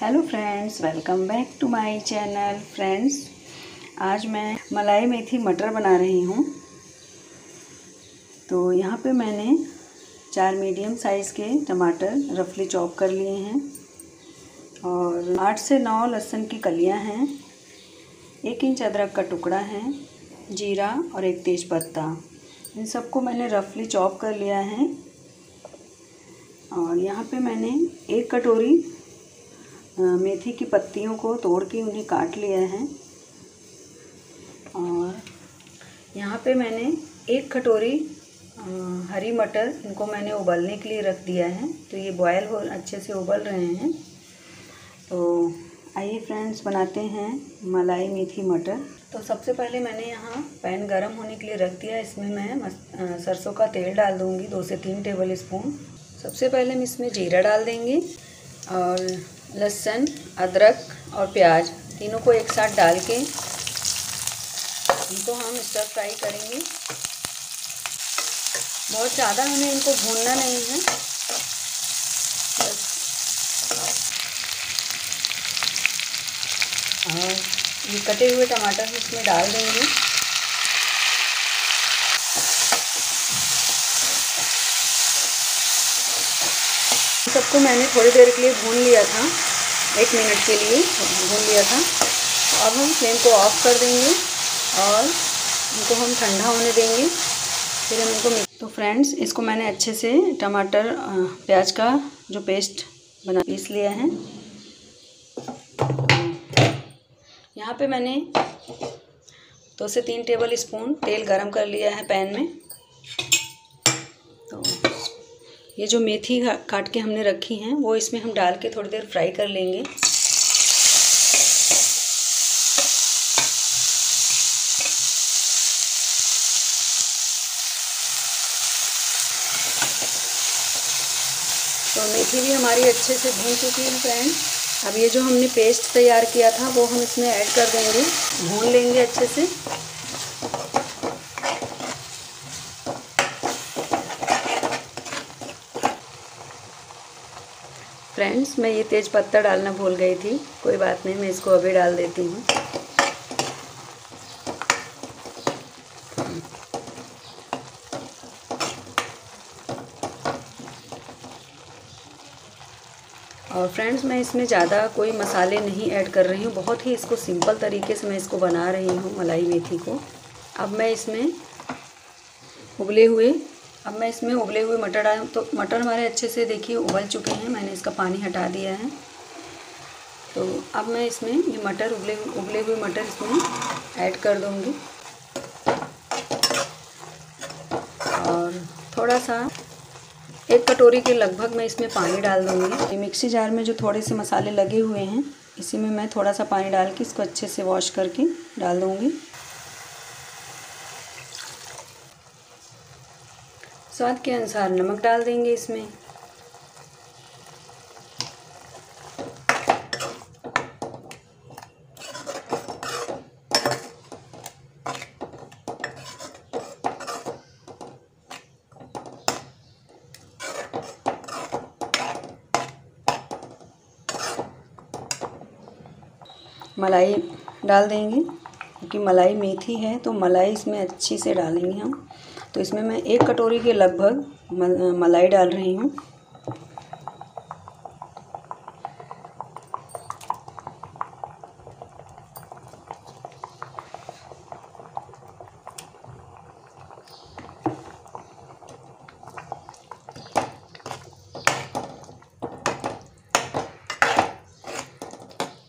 hello friends welcome back to my channel friends आज मैं मलाई मेथी मटर बना रही हूँ तो यहाँ पे मैंने चार मीडियम साइज़ के टमाटर रफली चॉप कर लिए हैं और आठ से नौ लहसुन की कलियाँ हैं एक इंच अदरक का टुकड़ा है जीरा और एक तेज़पत्ता इन सबको मैंने रफली चॉप कर लिया है और यहाँ पे मैंने एक कटोरी मेथी की पत्तियों को तोड़ के उन्हें काट लिया है और यहाँ पे मैंने एक कटोरी हरी मटर इनको मैंने उबलने के लिए रख दिया है तो ये बॉयल हो अच्छे से उबल रहे हैं तो आइए फ्रेंड्स बनाते हैं मलाई मेथी मटर तो सबसे पहले मैंने यहाँ पैन गरम होने के लिए रख दिया इसमें मैं सरसों का तेल डाल दूँगी दो से तीन टेबल स्पून सबसे पहले हम इसमें जीरा डाल देंगे और लहसुन अदरक और प्याज तीनों को एक साथ डाल के इनको हम स्टर फ्राई करेंगे बहुत ज़्यादा हमें इनको भूनना नहीं है और ये कटे हुए टमाटर इसमें डाल देंगे इसको मैंने थोड़ी देर के लिए भून लिया था एक मिनट के लिए भून लिया था अब हम फ्लेम को ऑफ कर देंगे और इनको हम ठंडा होने देंगे फिर हम इनको तो फ्रेंड्स इसको मैंने अच्छे से टमाटर प्याज का जो पेस्ट बना पीस लिया है यहाँ पे मैंने दो से तीन टेबल स्पून तेल गरम कर लिया है पैन में ये जो मेथी काट के हमने रखी हैं वो इसमें हम डाल के थोड़ी देर फ्राई कर लेंगे तो मेथी भी हमारी अच्छे से भून चुकी है फ्रेंड अब ये जो हमने पेस्ट तैयार किया था वो हम इसमें ऐड कर देंगे भून लेंगे अच्छे से फ्रेंड्स मैं ये तेज पत्ता डालना भूल गई थी कोई बात नहीं मैं इसको अभी डाल देती हूँ और फ्रेंड्स मैं इसमें ज़्यादा कोई मसाले नहीं ऐड कर रही हूँ बहुत ही इसको सिंपल तरीके से मैं इसको बना रही हूँ मलाई मेथी को अब मैं इसमें उबले हुए अब मैं इसमें उबले हुए मटर डाल तो मटर हमारे अच्छे से देखिए उबल चुके हैं मैंने इसका पानी हटा दिया है तो अब मैं इसमें ये मटर उबले उबले हुए मटर इसमें ऐड कर दूँगी और थोड़ा सा एक कटोरी के लगभग मैं इसमें पानी डाल दूँगी ये मिक्सी जार में जो थोड़े से मसाले लगे हुए हैं इसी में मैं थोड़ा सा पानी डाल के इसको अच्छे से वॉश करके डाल दूँगी स्वाद के अनुसार नमक डाल देंगे इसमें मलाई डाल देंगे क्योंकि मलाई मेथी है तो मलाई इसमें अच्छी से डालेंगे हम तो इसमें मैं एक कटोरी के लगभग मलाई डाल रही हूँ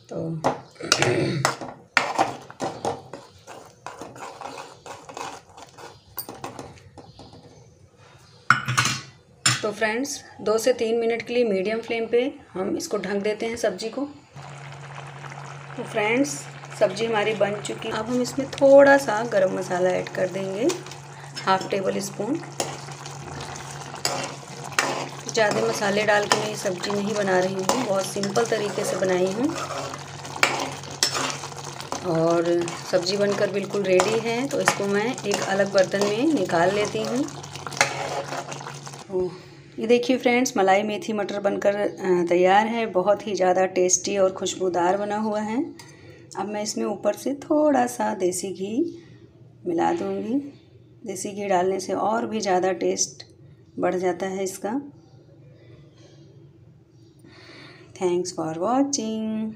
तो तो फ्रेंड्स दो से तीन मिनट के लिए मीडियम फ्लेम पे हम इसको ढक देते हैं सब्जी को तो फ्रेंड्स सब्जी हमारी बन चुकी अब हम इसमें थोड़ा सा गरम मसाला ऐड कर देंगे हाफ टेबल स्पून ज़्यादा मसाले डाल के मैं ये सब्ज़ी नहीं बना रही हूँ बहुत सिंपल तरीके से बनाई हूँ और सब्ज़ी बनकर बिल्कुल रेडी है तो इसको मैं एक अलग बर्तन में निकाल लेती हूँ तो ये देखिए फ्रेंड्स मलाई मेथी मटर बनकर तैयार है बहुत ही ज़्यादा टेस्टी और खुशबूदार बना हुआ है अब मैं इसमें ऊपर से थोड़ा सा देसी घी मिला दूँगी देसी घी डालने से और भी ज़्यादा टेस्ट बढ़ जाता है इसका थैंक्स फॉर वॉचिंग